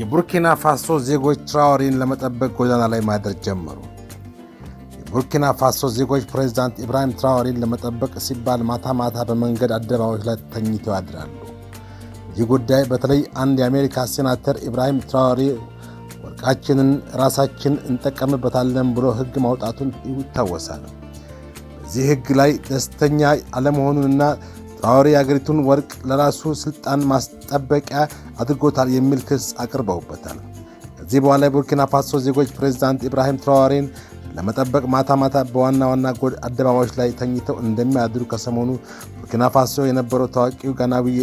የቡርኪና ፋሶ ዜጎች ትራኦሬን ለመጠበቅ ጎዳና ላይ ማደር ጀመሩ። የቡርኪና ፋሶ ዜጎች ፕሬዚዳንት ኢብራሂም ትራኦሬን ለመጠበቅ ሲባል ማታ ማታ በመንገድ አደባባዮች ላይ ተኝተው ያድራሉ። ይህ ጉዳይ በተለይ አንድ የአሜሪካ ሴናተር ኢብራሂም ትራኦሬ ወርቃችንን ራሳችን እንጠቀምበታለን ብሎ ሕግ ማውጣቱን ይታወሳል። በዚህ ሕግ ላይ ደስተኛ አለመሆኑንና traore የአገሪቱን ወርቅ ለራሱ ስልጣን ማስጠበቂያ አድርጎታል የሚል ክስ አቅርበውበታል። ከዚህ በኋላ የቡርኪና ፋሶ ዜጎች ፕሬዚዳንት ኢብራሂም ትራዋሬን ለመጠበቅ ማታ ማታ በዋና ዋና አደባባዮች ላይ ተኝተው እንደሚያድሩ ከሰሞኑ ቡርኪና ፋሶ የነበረው ታዋቂው ጋናዊ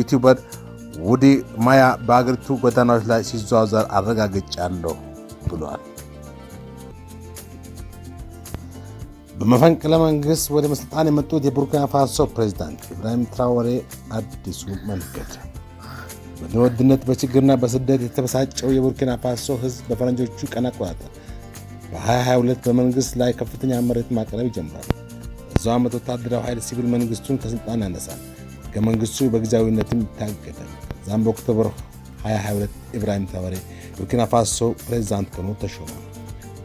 ዩቲዩበር ውዲ ማያ በአገሪቱ ጎዳናዎች ላይ ሲዘዋዘር አረጋግጫለሁ ብሏል። በመፈንቅለ መንግሥት ወደ ስልጣን የመጡት የቡርኪና ፋሶ ፕሬዚዳንት ኢብራሂም ትራወሬ አዲሱ መንገድ። በኑሮ ውድነት በችግርና በስደት የተበሳጨው የቡርኪና ፋሶ ሕዝብ በፈረንጆቹ ቀን አቆጣጠር በ2022 በመንግሥት ላይ ከፍተኛ መሬት ማቅረብ ይጀምራል። በዛው ዓመት ወታደራዊ ኃይል ሲቪል መንግሥቱን ከሥልጣን ያነሳል። ሕገ መንግሥቱ በጊዜያዊነትም ይታገዳል። ከዛም በኦክቶበር 2022 ኢብራሂም ትራወሬ ቡርኪና ፋሶ ፕሬዚዳንት ሆኖ ተሾመ።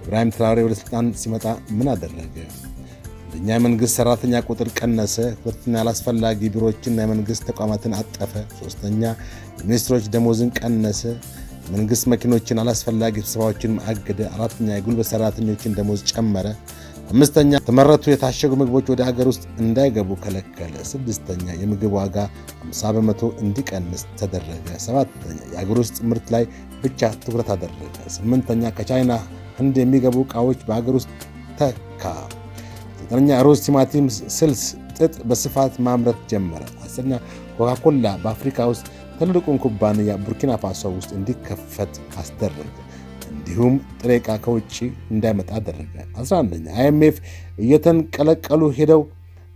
ኢብራሂም ትራወሬ ወደ ሥልጣን ሲመጣ ምን አደረገ? አንደኛ የመንግስት ሰራተኛ ቁጥር ቀነሰ፣ ሁለተኛ አላስፈላጊ ቢሮዎችና የመንግስት ተቋማትን አጠፈ፣ ሶስተኛ የሚኒስትሮች ደሞዝን ቀነሰ፣ የመንግስት መኪኖችን አላስፈላጊ ስብሰባዎችን አገደ፣ አራተኛ የጉልበት ሰራተኞችን ደሞዝ ጨመረ፣ አምስተኛ ተመረቱ የታሸጉ ምግቦች ወደ ሀገር ውስጥ እንዳይገቡ ከለከለ፣ ስድስተኛ የምግብ ዋጋ 50 በመቶ እንዲቀንስ ተደረገ፣ ሰባተኛ የሀገር ውስጥ ምርት ላይ ብቻ ትኩረት አደረገ፣ ስምንተኛ ከቻይና ህንድ የሚገቡ ዕቃዎች በሀገር ውስጥ ተካ ዘጠነኛ ሮዝ፣ ቲማቲም፣ ስልስ፣ ጥጥ በስፋት ማምረት ጀመረ። አስረኛ ኮካኮላ በአፍሪካ ውስጥ ትልቁን ኩባንያ ቡርኪና ፋሶ ውስጥ እንዲከፈት አስደረገ። እንዲሁም ጥሬ ዕቃ ከውጭ እንዳይመጣ አደረገ። 11ኛ አይኤምኤፍ እየተንቀለቀሉ ሄደው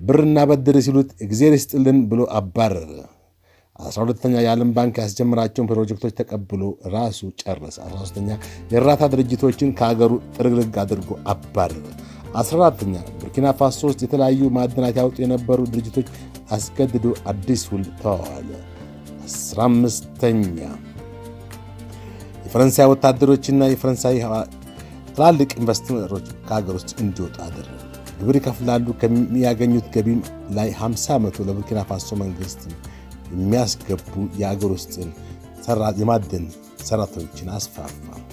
ብርና በድር ሲሉት እግዜር ይስጥልን ብሎ አባረረ። 12ተኛ የዓለም ባንክ ያስጀምራቸውን ፕሮጀክቶች ተቀብሎ ራሱ ጨረሰ። 13ተኛ የእርዳታ ድርጅቶችን ከሀገሩ ጥርግርግ አድርጎ አባረረ። 14ተኛ ቡርኪና ፋሶ ውስጥ የተለያዩ ማዕድናት ያወጡ የነበሩ ድርጅቶች አስገድዶ አዲስ ውል ተዋዋለ። አስራ አምስተኛ የፈረንሳይ ወታደሮችና የፈረንሳይ ትላልቅ ኢንቨስተሮች ከሀገር ውስጥ እንዲወጡ አደረገ። ግብር ይከፍላሉ። ከሚያገኙት ገቢም ላይ 50 መቶ ለቡርኪና ፋሶ መንግስት የሚያስገቡ የአገር ውስጥን የማደን ሰራተኞችን አስፋፋ።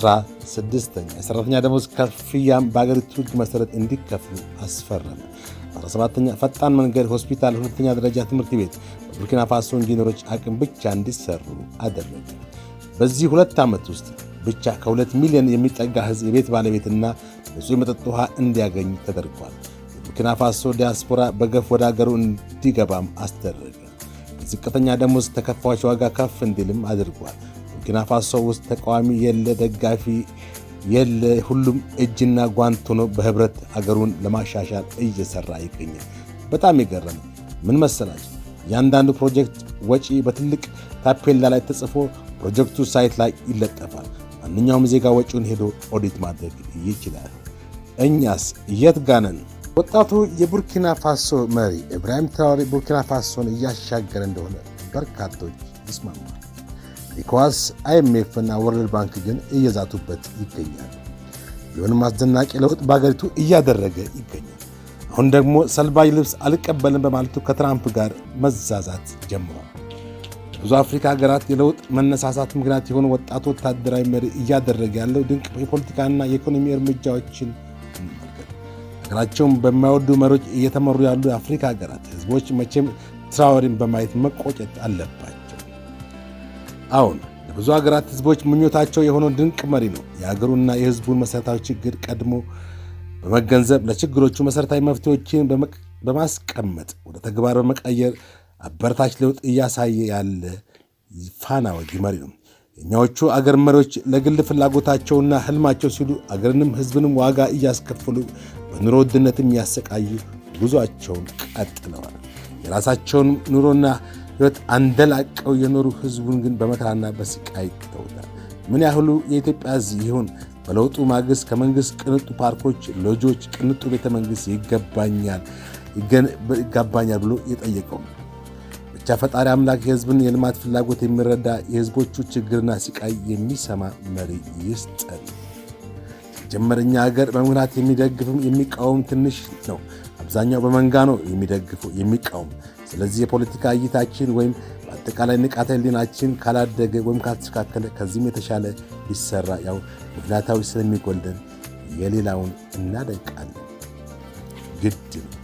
16ኛ የሰራተኛ ደሞዝ ክፍያም በአገሪቱ ህግ መሰረት እንዲከፍሉ አስፈረመ። 17ኛ ፈጣን መንገድ፣ ሆስፒታል፣ ሁለተኛ ደረጃ ትምህርት ቤት በቡርኪና ፋሶ ኢንጂነሮች አቅም ብቻ እንዲሰሩ አደረገ። በዚህ ሁለት ዓመት ውስጥ ብቻ ከ2 ሚሊዮን የሚጠጋ ህዝብ የቤት ባለቤትና ንጹህ መጠጥ ውሃ እንዲያገኝ ተደርጓል። የቡርኪና ፋሶ ዲያስፖራ በገፍ ወደ አገሩ እንዲገባም አስደረገ። ዝቅተኛ ደሞዝ ተከፋዮች ዋጋ ከፍ እንዲልም አድርጓል። ቡርኪናፋሶ ውስጥ ተቃዋሚ የለ፣ ደጋፊ የለ፣ ሁሉም እጅና ጓንት ሆኖ በህብረት አገሩን ለማሻሻል እየሰራ ይገኛል። በጣም የገረመ ምን መሰላቸው? እያንዳንዱ ፕሮጀክት ወጪ በትልቅ ታፔላ ላይ ተጽፎ ፕሮጀክቱ ሳይት ላይ ይለጠፋል። ማንኛውም ዜጋ ወጪውን ሄዶ ኦዲት ማድረግ ይችላል። እኛስ የት ጋነን ወጣቱ የቡርኪና ፋሶ መሪ ኢብራሂም ትራኦሬ ቡርኪና ፋሶን እያሻገረ እንደሆነ በርካቶች ይስማማል። ኢኮዋስ፣ አይኤምኤፍ እና ወርልድ ባንክ ግን እየዛቱበት ይገኛል። ቢሆንም አስደናቂ ለውጥ በሀገሪቱ እያደረገ ይገኛል። አሁን ደግሞ ሰልባጅ ልብስ አልቀበልም በማለቱ ከትራምፕ ጋር መዛዛት ጀምሯል። ብዙ አፍሪካ ሀገራት የለውጥ መነሳሳት ምክንያት የሆኑ ወጣት ወታደራዊ መሪ እያደረገ ያለው ድንቅ የፖለቲካና የኢኮኖሚ እርምጃዎችን እንመልከት። ሀገራቸውን በማይወዱ መሪዎች እየተመሩ ያሉ የአፍሪካ ሀገራት ህዝቦች መቼም ትራወሪን በማየት መቆጨት አለባቸው። አሁን ለብዙ ሀገራት ህዝቦች ምኞታቸው የሆነው ድንቅ መሪ ነው። የሀገሩና የህዝቡን መሠረታዊ ችግር ቀድሞ በመገንዘብ ለችግሮቹ መሠረታዊ መፍትሄዎችን በማስቀመጥ ወደ ተግባር በመቀየር አበረታች ለውጥ እያሳየ ያለ ፋና ወጊ መሪ ነው። የእኛዎቹ አገር መሪዎች ለግል ፍላጎታቸውና ህልማቸው ሲሉ አገርንም ህዝብንም ዋጋ እያስከፈሉ በኑሮ ውድነት የሚያሰቃዩ ጉዟቸውን ቀጥለዋል። የራሳቸውን ኑሮና ሕይወት አንደላቀው የኖሩ ሕዝቡን ግን በመከራና በስቃይ ተውታል። ምን ያህሉ የኢትዮጵያ ሕዝብ ይሁን በለውጡ ማግስት ከመንግሥት ቅንጡ ፓርኮች፣ ሎጆች፣ ቅንጡ ቤተ መንግሥት ይገባኛል ብሎ የጠየቀው ብቻ ፈጣሪ አምላክ የሕዝብን የልማት ፍላጎት የሚረዳ የሕዝቦቹ ችግርና ስቃይ የሚሰማ መሪ ይስጠን። ጀመረኛ ሀገር በመምራት የሚደግፍም የሚቃወም ትንሽ ነው። አብዛኛው በመንጋ ነው የሚደግፈው የሚቃወም ስለዚህ የፖለቲካ እይታችን ወይም በአጠቃላይ ንቃተ ህሊናችን ካላደገ ወይም ካልተስተካከለ ከዚህም የተሻለ ሊሰራ ያው ምክንያታዊ ስለሚጎልደን የሌላውን እናደንቃለን ነው።